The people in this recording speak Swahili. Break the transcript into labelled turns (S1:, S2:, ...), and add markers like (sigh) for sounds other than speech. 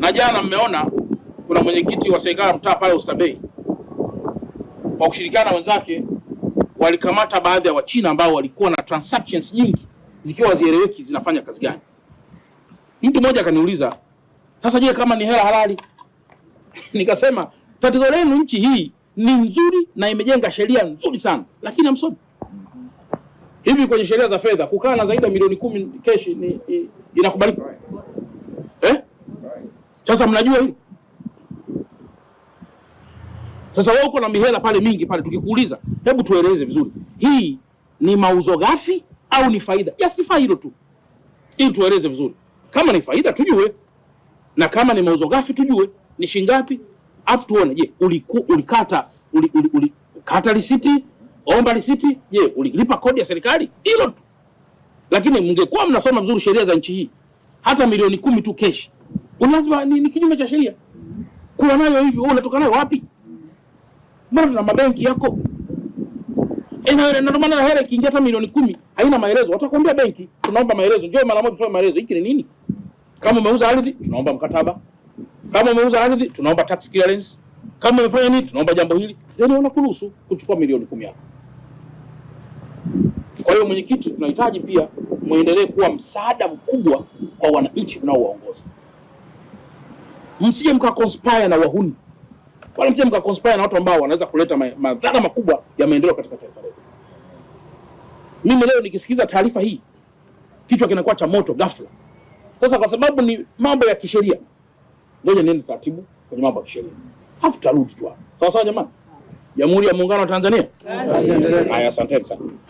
S1: Na jana mmeona kuna mwenyekiti wa serikali ya mtaa pale Oysterbay kwa kushirikiana na wenzake walikamata baadhi ya Wachina ambao walikuwa na transactions nyingi zikiwa zieleweki zinafanya kazi gani. Mtu mmoja akaniuliza, sasa je, kama ni hela halali? (laughs) Nikasema tatizo lenu, nchi hii ni nzuri na imejenga sheria nzuri sana, lakini hamsomi. Hivi kwenye sheria za fedha kukaa na zaidi ya milioni kumi keshi ni inakubalika? Sasa mnajua hili sasa. Wewe uko na mihela pale mingi pale, tukikuuliza hebu tueleze vizuri, hii ni mauzo ghafi au ni faida? Justify hilo tu, ili tueleze vizuri. Kama ni faida tujue, na kama ni mauzo ghafi tujue ni shingapi, afu tuone, je, ulikata uli, uli, uli, kata risiti, omba risiti, je, ulilipa kodi ya serikali? Hilo tu. Lakini mngekuwa mnasoma vizuri sheria za nchi hii, hata milioni kumi tu keshi Unasema ni, ni kinyume cha sheria kuwa nayo hivyo. Wewe unatoka nayo wapi? Mbona tuna mabenki yako e, ndio maana hela ikiingia hata milioni kumi haina maelezo, watakwambia benki, tunaomba maelezo, njoo mara moja, tutoe maelezo. Hiki ni nini? Kama umeuza ardhi, tunaomba mkataba. Kama umeuza ardhi, tunaomba tax clearance. Kama umefanya nini, tunaomba jambo hili, then wanakuruhusu kuchukua milioni kumi yako. Kwa hiyo, mwenyekiti, tunahitaji pia muendelee kuwa msaada mkubwa kwa wananchi mnaowaongoza msije mkakonspire na wahuni wala msije mkakonspire na watu ambao wanaweza kuleta madhara makubwa ya maendeleo katika taifa letu. Mimi leo nikisikiliza taarifa hii kichwa kinakuwa cha moto ghafla. Sasa kwa sababu ni mambo ya kisheria, ngoja niende taratibu kwenye mambo ya kisheria, halafu tutarudi tu Sawa sawa, jamani. Jamhuri ya Muungano wa Tanzania. Haya, asanteni sana.